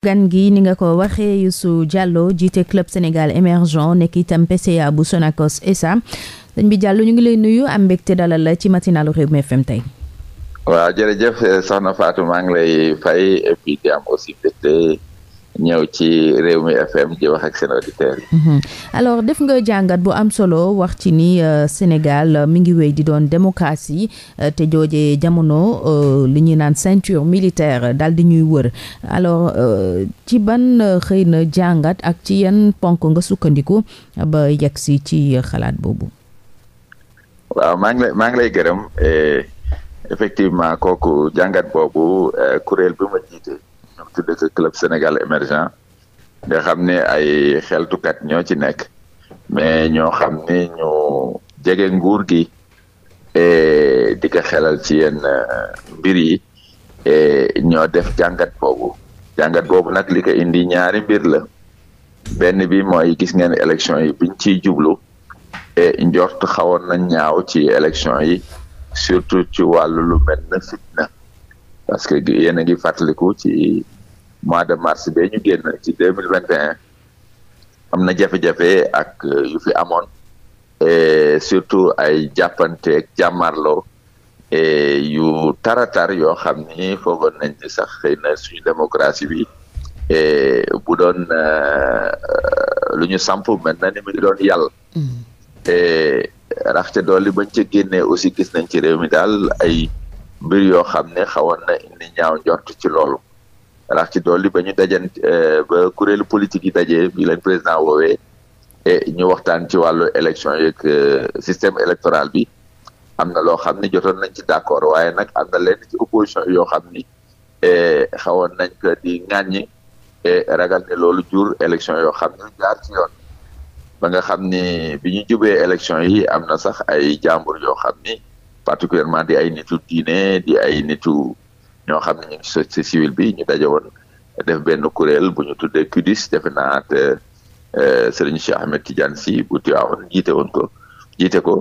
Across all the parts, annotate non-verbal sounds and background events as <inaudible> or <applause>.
gan gi ni nga ko waxee Youssou Diallo jiite Club Sénégal Émergent nekk itam PCA bu Sonacos SA sëñ bi Diallo ñu ngi lay nuyu am mbégte dalal la ci matinalu Rewmi FM tey waaw jërëjëf eh, soxna Fatou maa lay fay et puis di ñëw ci Rewmi FM di wax ak seen auditeurs mhm. def nga jàngat bu am solo wax ci ni euh, Sénégal euh, mi ngi wéy di doon démocratie euh, te jooje jamono li ñuy naan ceinture militaire dal di ñuy wër alors ci ban xëy na jàngat ak ci yan ponk nga sukkandiku ba yegg si ci xalaat boobu. waaw maa ngi lay maa ngi lay gërëm effectivement kooku jàngat boobu kuréel bi ma jiite. tuddee club Sénégal émergent nga xam ne ay xeltukat ñoo ci nekk mais ñoo xam ne ñu jege nguur gi et di ko xelal ci yenn e, mbir yi et ñoo def jàngat boobu jàngat boobu nag li ko indi ñaari mbir la benn bi mooy gis ngeen élection yi biñ ciy jublu et njort xawoon na ñaaw ci élection yi surtout ci wàllu lu mel fitna parce que yéen a ngi fàttaliku ci mois de mars ba ñu génn ci deux mille vingt et un am na jafe-jafe ak euh, yu fi amoon et surtout ay jàppanteeg jàmmarloo et yu taratar yoo xam ni foogoon nañ ni sax xëy na suñu démocratie bi et bu doon euh, euh, lu ñu samp mel na ni mu ngi doon yàlla mm-hmm. et raxte dolli bañ ci génnee aussi gis nañ ci réew mi daal ay mbir yoo xam ne xawoon na indi ñaaw njort ci loolu rax ci yi ba ñu dajan euh, ba kuréelu politique yi dajee bi leen président woowee et ñu waxtaan ci wàllu élection yeeg euh, système électoral bi am na loo xam ni jotoon nañ ci d'accord waaye nag am na leen ci opposition yoo xam ni euh, xawoon nañ ko di ŋàññi et ragal ne loolu jur élection yoo xam ni jaar ci yoon ba nga xam ni bi ñu jubee élection yi am na sax ay jàmbur yoo xam ni particulièrement di ay nitu diine di ay nitu ñoo xam ne ñu ngi bi ñu daje woon def benn kuréel bu ñu tuddee CUDIS defe naa te euh, Serigne Cheikh Ahmed Tidiane si bu Tiwaawoon jiite woon ko jiite ko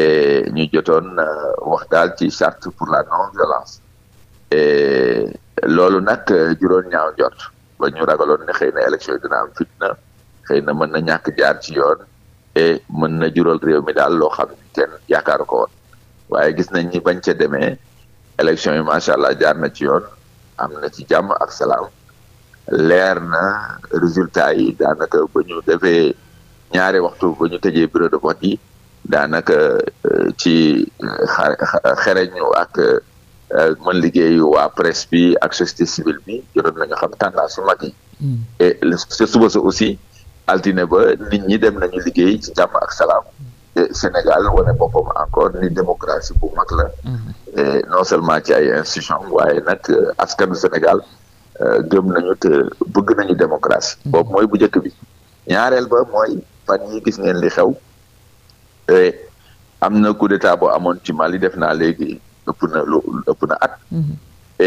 et ñu jotoon euh, wax daal ci charte pour la non violence et loolu nag euh, juróon ñaaw njort ba ñu ragaloon ne xëy élection yi dina am fitna xëy na mën na ñàkk jaar ci yoon et mën na jural réew mi daal loo xam ne kenn ko woon waaye gis nañ ni bañ ca demee élection yi macha allah jaar na ci yoon am na ci jàmm ak salaam leer na résultat yi daanaka ba ñu defee ñaari waxtu ba ñu tëjee bureau de vote yi daanaka euh, ci euh, xereñu ak euh, mën liggéeyu waa presse bi ak société civile bi jotoon nañu xam tendance mag yi hmm. suba sa aussi altine ba nit ñi dem nañu liggéey ci jàmm ak salaam Sénégal wane boppam encore ni démocratie bu mag la hmm. Euh, non seulement ci ay institutions waaye nag euh, askanu Sénégal euh, gëm nañu te bëgg nañu démocratie mm-hmm. boobu mooy bu njëkk bi ñaareel ba mooy fan yi gis ngeen li xew am na coup d'état boo amoon ci Mali def naa léegi ëpp na lu ëpp na at mm-hmm.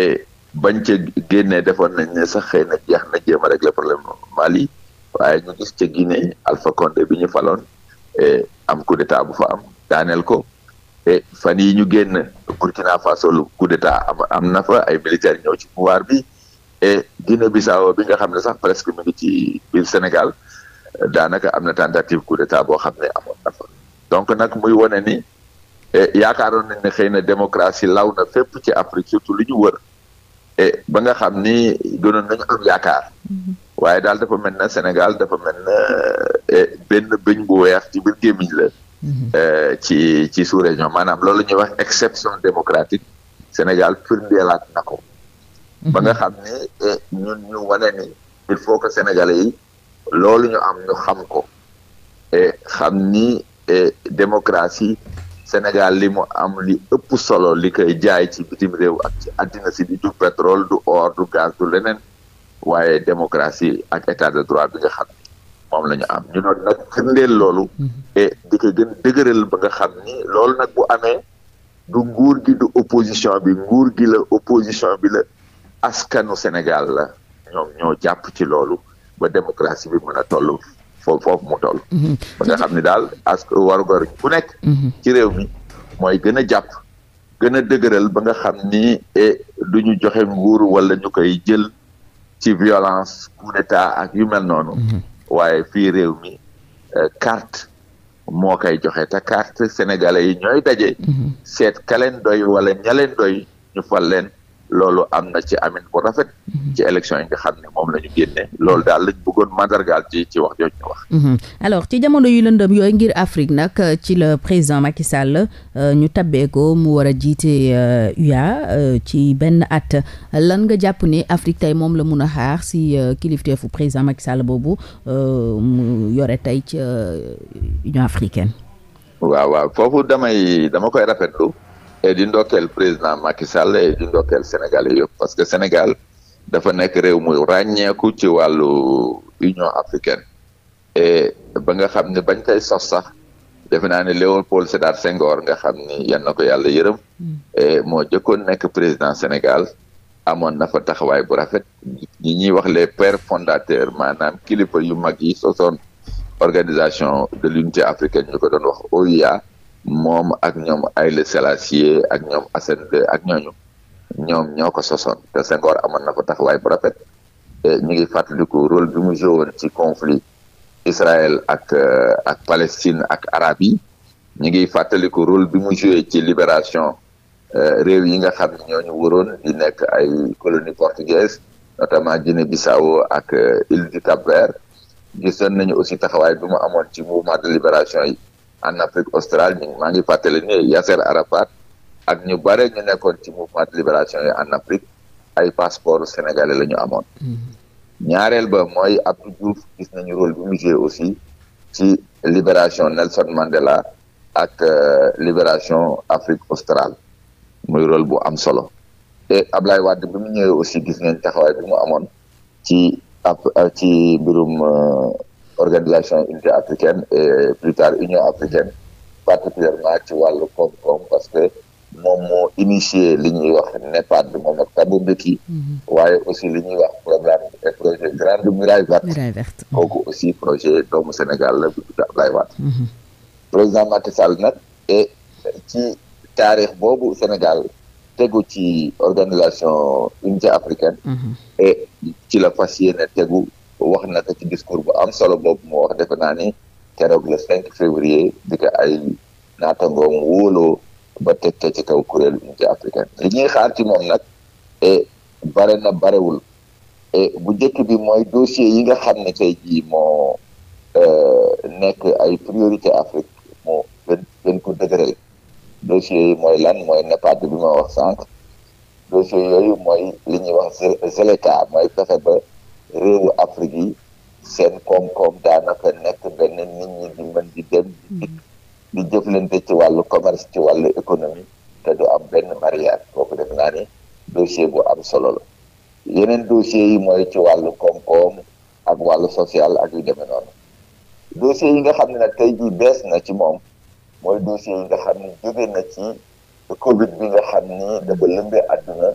et bañ ca génnee defoon na ne sax xëy na jeex na jéem a régler problème Mali waaye ñu gis ca Guinée Alpha Condé bi ñu faloon am coup d'état bu fa am daaneel ko et fan yi ñu génn Burkina Faso lu coup d'état am na fa ay militaires ñëw ci pouvoir bi et Guinée Bissau bi nga xam ne sax presque mu ngi ci biir Sénégal daanaka am na tentative coup d'état boo xam ne am na donc nag muy wane ni eh, yaakaaroon nañ ne xëy na démocratie law na fépp ci Afrique surtout lu ñu wër et eh, ba nga xam ni gënoon nañu am yaakaar mm-hmm. waaye daal dafa mel na Sénégal dafa mel na eh, benn bëñ bu weex ci biir gémmiñ la Euh, ci ci sous région maanaam loolu ñuy wax exception démocratique Sénégal firndeelaat na ko. ba nga xam ne euh, ñun ñu wane ni il faut que Sénégalais yi loolu ñu am ñu xam ko et xam ni démocratie Sénégal li mu am li ëpp solo li koy jaay ci bitim réew ak ci àddina si bi du pétrole du or du gaz du leneen waaye démocratie ak état de droit bi nga xam. moom la ñu am ñu doon nag firndeel loolu mhm. et di ko gën dëgëral ba nga xam ni loolu nag bu amee du nguur gi du opposition bi nguur gi la opposition bi la askanu Sénégal la ñoom ñoo jàpp ci loolu ba démocratie bi mën a toll foofu foofu mu toll mhm. ba nga xam ne daal ask warugar ku nekk mhm. ci réew mi mooy gën a jàpp gën a dëgëral ba nga xam ni e du ñu joxe nguur wala ñu koy jël ci violence coup d'état ak yu mel noonu waaye fii réew mi euh, carte moo koy joxe te carte sénégalais yi ñooy daje. Mm-hmm. seet ka leen doy wala ña doy ñu fal leen. loolu am na ci amin bu rafet mhm. ci élection yi nga xam ne moom la ñu génne loolu daal lañ bëggoon mandargaal ci ci wax jooju ñu wax mhm. alors ci jamono yu lëndëm yooyu ngir Afrique nag ci la président Macky Sall euh, ñu tabbee mu war a jiite UA euh, euh, ci benn at lan nga jàpp ni Afrique tey moom la mun a xaar si fu président Macky Sall boobu mu yore tey ci Union africaine waaw waaw foofu damay dama koy rafetlu di ndokkeel président Macky Sall et di ndokkeel Sénégal yëpp parce que Sénégal dafa nekk réew mu ràññeeku ci wàllu Union africaine et ba nga xam ne bañ koy sos sax defe naa ne Léopold Sédar Senghor nga xam ni yan na ko yàlla yërëm e moo jëkkoon nekk président Sénégal amoon na fa taxawaay bu rafet ñi ñuy wax les pères fondateurs maanaam kilifa yu mag yi sosoon organisation de l'unité africaine ñu ko doon wax OUA moom ak ñoom Haïlé Sélassié ak ñoom Assane ak ñooñu ñoom ñoo ko sosoon te Senghor amoon na ko taxawaay bu rafet ñu ngi fàttaliku rôle bi mu joué woon ci conflit Israël ak euh, ak Palestine ak arab yi ñu ngi fàttaliku rôle bi mu joué ci libération euh, réew yi nga xam ne ñooñu waroon di nekk ay colonie portugaise notamment Guinée-Bissau ak euh, île du Cap-Vert nañu aussi taxawaay bi mu amoon ci mouvement de libération yi en Afrique australe ñu maa ngi fàttali ni Arafat ak ñu bare ñu nekkoon ci mouvement de libération yi en Afrique ay passeport sénégalais lañu amoon. Mm-hmm. ñaareel ba mooy Abdou Diouf gis nañu rôle bi mu joué aussi ci libération Nelson Mandela ak euh, libération Afrique australe muy rôle bu am solo te lay Wade bi mu ñëwee aussi gis ngeen taxawaay bi mu amoon ci euh, ci mbirum. Euh, organisation unité africaine et plus tard union africaine particulièrement ci wàllu koom-koom parce que moom moo initié li ñuy wax NEPAD bi moom ak Thabo Mbeki mm-hmm. waaye aussi li ñuy wax programme et projet grande muraille verte kooku aussi projet doomu Sénégal la mm-hmm. président Macky Sall et ci taarix boobu Sénégal tegu ci organisation unité africaine mm-hmm. et ci la fas yéene tegu wax na ko ci discours bu am solo boobu mu wax defe naa ni keroog le 5 février di ko ay naatangoom wóoloo ba teg ci kaw kuréel unité africaine li ñuy xaar ci moom nag e bare na barewul e bu njëkk bi mooy dossier yi nga xam ne tey jii moo e, nekk ay priorité Afrique moo gën gën ko dëgëral dossier yi mooy lan mooy NEPAD bi ma wax sànq dossier yooyu mooy li ñuy wax ZLECA mooy fexe ba réewu Afrique yi seen koom-koom daanaka nekk benn nit ñi di mën di dem di hmm. di ci wàllu commerce ci wàllu économie te du am benn mariage kooku def naa ne dossier bu am solo la yeneen dossier yi mooy ci wàllu koom-koom ak wàllu social ak yu demee noonu dossier yi nga xam ne nag tey jii bees na ci moom mooy dossier yi nga xam ne jóge na ci covid bi nga xam ni dafa lëmbe àdduna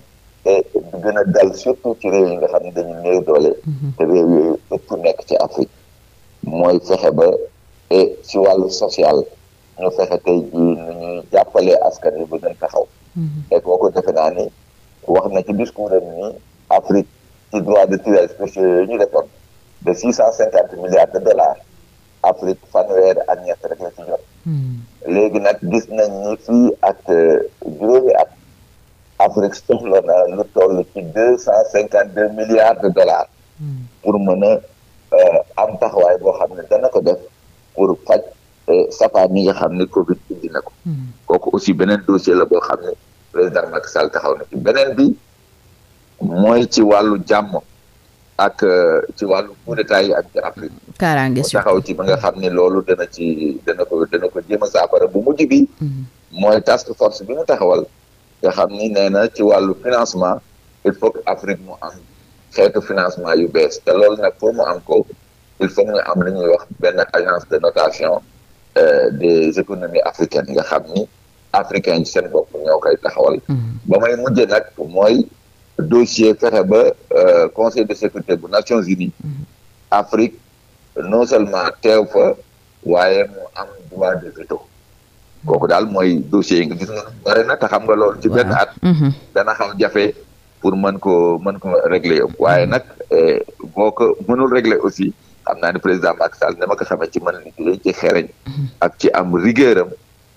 et di gën dal surtout ci réew yi nga xam ne dañu néew doole. Mhm. te réew yooyu ëpp nekk ci Afrique mooy fexe ba et ci wàllu social ñu fexe tey jii nu ñuy jàppalee askan wi ba gën taxaw. Mhm. te kooku defe naa ni wax na ci discours am ni Afrique ci droit de tirage spéciaux yooyu ñu de milliards de dollars Afrique fanweer ak ñett rek ci jot. Mhm. léegi nag gis nañ ni ak euh, juróomi at. Afrique soxla na lu toll ci deux cent cinquante deux milliards de dollars hmm. pour mën euh, am taxawaay boo xam ne dana ko def pour faj euh, sapaan nga xam ne Covid indi ko hmm. kooku aussi beneen dossier la bo xam ne président Macky Sall taxaw na ci beneen bi mooy ci wàllu jàmm ak euh, ci wàllu coup d'état yi ak ci Afrique hmm. kaaraange taxaw ci ba nga xam ne loolu dana ci dana ko dana a saafara bu mujj bi mooy task force bi taxawal nga xam ni nee na ci wàllu financement il faut que Afrique mu am xeetu financement yu bees te loolu nag pour mu am ko il faut nga am li ñuy wax benn agence de notation euh, des économies africaines nga xam ni africains yi seen bopp ñoo koy taxawal. Mm-hmm. ba may mujj nag mooy dossier fexe ba euh, conseil de sécurité bu Nations Unies. Mm-hmm. Afrique non seulement teew fa waaye mu am droit de veto. kooku daal mooy dossier yi nga gis nga bare na te xam nga lool ci benn at. Mhm. dana xaw jafe pour mën ko mën ko régler waaye mhm. nag eh, boo ko mënul régler aussi xam na ni président Macky Sall dama a xamee ci mën liggéey ci xereñ. Mhm. ak ci am rigueur am.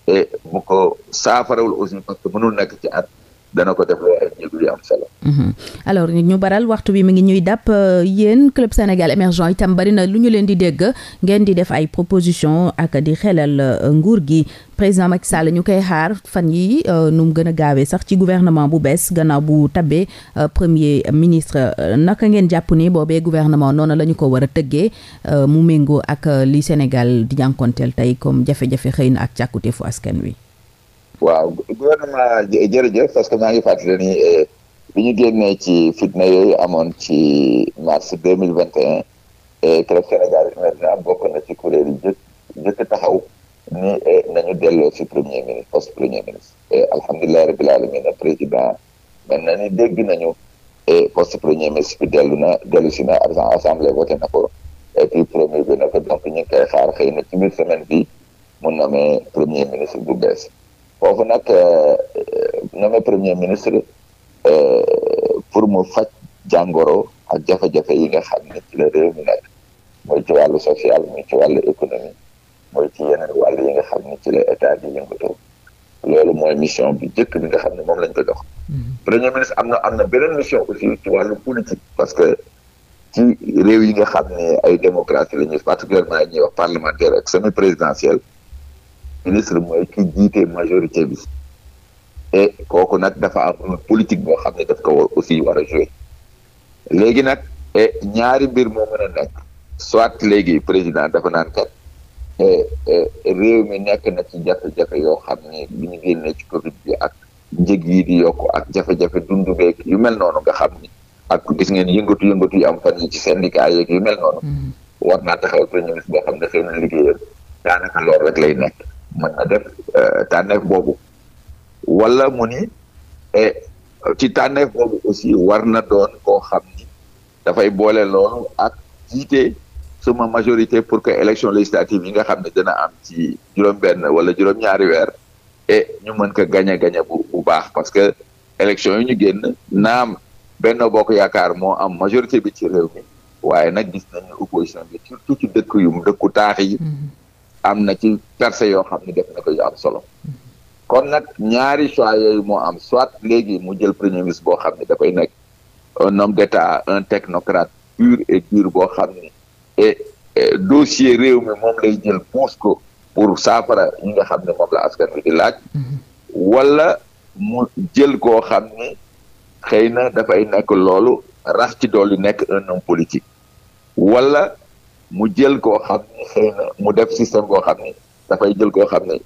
et eh, bu ko saafarawul aussi parce que mënul nekk ci at. dana ko def loo ay njëg yu am solo. Mhm. alors ñu baral waxtu wi mi ngi ñuy dàpp euh, yéen club Sénégal émergent itam bari na lu ñu leen di dégg ngeen di def ay proposition ak di xelal euh, nguur gi président Macky Sall ñu koy xaar fan yi euh, nu mu gën a gaawee sax ci gouvernement bu bees gannaaw bu tabee premier ministre naka ngeen jàpp ni boobee gouvernement noonu la ñu ko war a tëggee mu méngoo ak li Sénégal di jànkonteel tey comme jafe-jafe xëy na ak càkkute fu askan wi. waaw gouvernement jërëjëf parce que maa ngi fàttali ni eh, bi ñu génnee ci fitna yooyu amoon ci mars deux mille vingt et un et eh, CREF Sénégal bokk na ci kuréel jëkk taxaw ni eh, nañu delloo ci premier ministre poste premier ministre et alhamdulilah rabbil alamin président na ni dégg nañu et poste premier ministre bi dellu na dellu si na assemblée voté na ko et puis premier bi na donc ñu ngi xaar xëy ci biir semaine bi mu nommé premier ministre foofu nag euh, euh, nommé premier ministre euh, pour mu faj jàngoro ak jafe-jafe yi nga xam ne ci la réew mi nag mooy ci wàllu social mooy ci wàllu économie mooy ci yeneen wàll yi nga xam ne ci la état di yëngatu loolu mooy mission bi njëkk bi nga xam ne moom lañ ko jox. Mm-hmm. premier ministre am na am na beneen mission aussi ci wàllu politique parce que ci réew yi nga xam ne ay démocratie la ñuy particulièrement ñuy wax parlementaire ak semi présidentielle ministre mooy ki jiite majorité bi et kooku nag dafa am politique boo xam ne def ko war aussi war a joué léegi nag et ñaari mbir moo a nekk soit léegi président dafa naan kat e, e, réew mi nekk na ci jafe-jafe yoo xam ne bi ñu ak njëg yi di yokk ak jafe-jafe dundu yu mel noonu nga xam ni ak gis ngeen yëngatu-yëngatu yu am fan yi ci syndicat yeeg yu mel noonu mm-hmm. war naa taxawal premier ministre boo xam ne xëy na liggéeyam daanaka loolu rek lay nekk mën na def euh, tànneef boobu wala mu e ci tànneef boobu aussi war na doon koo xam ni dafay boole loolu ak jiite suma majorité pour que élection législative yi nga xam ne dina am ci juróom-benn wala juróom-ñaari weer et eh, ñu mën ko gañe gañe bu bu baax parce que élection yi ñu génn naam benn Bokk Yaakaar moo am majorité bi ci réew mi waaye nag gis nañu opposition bi ci dëkk yu dëkku taax yi mm-hmm. am na ci percé yoo xam ne def na ko am solo kon nag ñaari choix yooyu moo am soit léegi mu jël premier ministre boo xam ne dafay nekk un homme d'état un technocrate pur et dur boo xam ne et dossier réew mi moom lay jël puus pour saafara yi nga xam ne moom la askan wi laaj wala mu jël koo xam ni xëy na dafay nekk loolu rax ci dool yi nekk un homme politique wala mu jël ko xam euh, mu def système koo xam ne dafay jël koo xam ne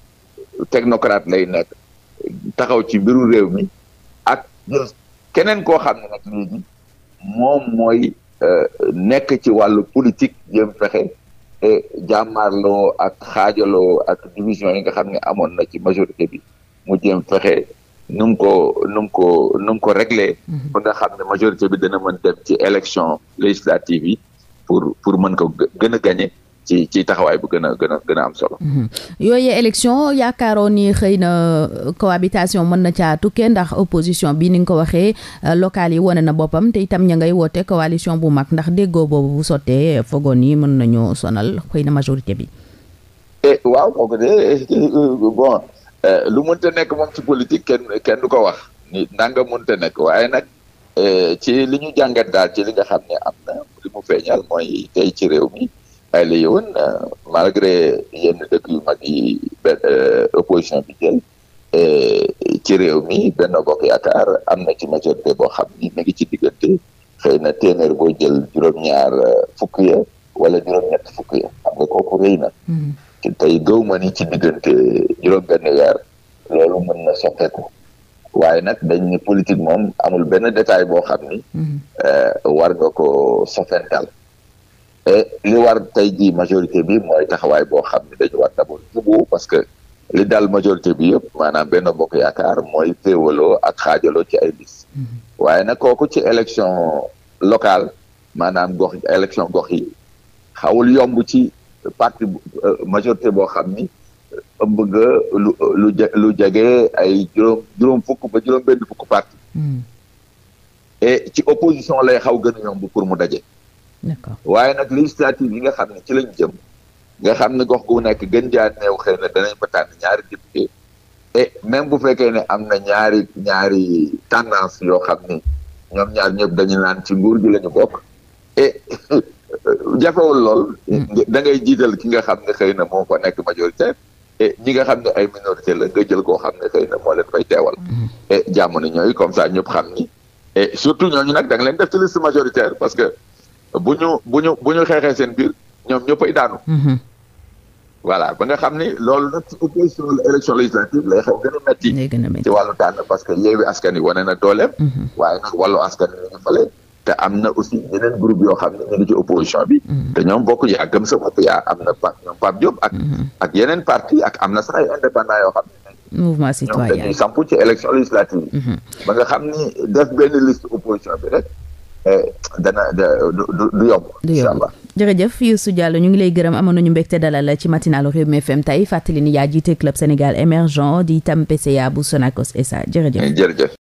technocrate lay nekk taxaw ci mbiru réew mi ak keneen koo xam ne nag léegi moom mooy euh, nekk ci wàllu politique jëm fexe et euh, jàmmaarloo ak xaajaloo ak division yi nga xam ne amoon na ci majorité bi mu jëm fexe nu ko num ko nu ko réglé. Mhm. ba nga xam ne majorité bi dana mën dem ci élection législative yi. pour pour mën ko gën a gagné ci taxawaay bu gën a a a am solo. Mhm. yooyu élection yaakaaroon ni xëy na euh, cohabitation mën na caatu tukkee ndax opposition bi ni nga ko waxee euh, locales yi wane na boppam te itam ña ngay woote coalition bu mag ndax déggoo boobu bu sottee fogoon yi mën nañoo sonal xëy na majorité bi. Eh, waaw moo ko eh, euh, bon lu mënta nekk moom ci politique kenn kenn du ko wax ni nanga mënta nekk waaye nag. Euh, ci li ñu jàngat daal ci li nga xam ne am na li mu feeñal mooy tey ci réew mi ay la yowoon euh, malgré yenn dëkk yu mag benn euh, opposition bi jël ci réew mi benn Bokk Yaakaar am na ci majorité boo xam ni mu ngi ci diggante xëy na téeméer boo jël juróom-ñaar fukk ya wala juróom-ñett fukk ya xam nga kooku rëy na mm-hmm. tey gëw ma ni ci diggante juróom-benn weer loolu mën na soppeeku waaye nag dañ ne moom amul benn détail boo xam ni. Mhm. Euh, war nga ko sofental et li war tey jii majorité bi mooy taxawaay boo xam ni dañu war d'abord jubóo parce que li daal majorité bi yëpp maanaam benn bokk yaakaar mooy féewaloo ak xaajaloo ci ay bis. Mhm. waaye nag kooku ci élection locale maanaam gox élection gox yi xawul yomb ci parti euh, majorité boo xam ni. ëmb nga lu lu lu jege ay juróom juróom fukk ba juróom benn fukk parti hmm. et ci opposition lay xaw gën a yomb pour mu daje. waaye nag législative yi nga xam ne ci lañ jëm nga xam ne gox gu nekk gën jaa neew xëy na danañ fa tànn ñaari député et même bu fekkee ne am na ñaari ñaari tendance yoo xam ni ñoom ñaar ñëpp dañu naan ci nguur gi lañu ñu bokk et <laughs> jafewul lool hmm. da ngay jiital ki nga xam ne xëy na moo fa nekk majoritaire et ñi nga xam ne ay minorité la nga jël koo xam ne xëy na moo leen fay teewal. Mm-hmm. et jamono ñooyu comme ça ñëpp xam ni. et surtout ñooñu nag da nga leen def ci liste majoritaire parce que bu ñu bu ñu xeexee seen biir ñoom ñëppay daanu. Mm-hmm. voilà ba nga xam ni loolu nag la élection législative lay xew gën a métti. ci wàllu tànn parce que Yewwi Askan Wi wane na dooleem. Mm-hmm. waaye nag wàllu askan wi ñu fale te am na aussi yeneen groupe yoo xam ne ñu ngi ci opposition bi. Mm-hmm. te ñoom bokk yaa gëm sa bopp am na pa ñoom Pape Diop. ak mm-hmm. ak yeneen parti ak am na sax ay indépendant yoo xam ne. mouvement citoyen ñoom dañuy sampu ci élection législative mm-hmm. ba nga xam ni def benn liste opposition bi rek. Eh, du yomb incha allah jërëjëf Youssou ñu ngi lay gërëm amoon nañu mbégte dalal ci matinalu Rewmi FM tey fàttali ni yaa jiite Club Sénégal Émergent di itam PCA bu Sonacos SA jërëjëf eh, jërëjëf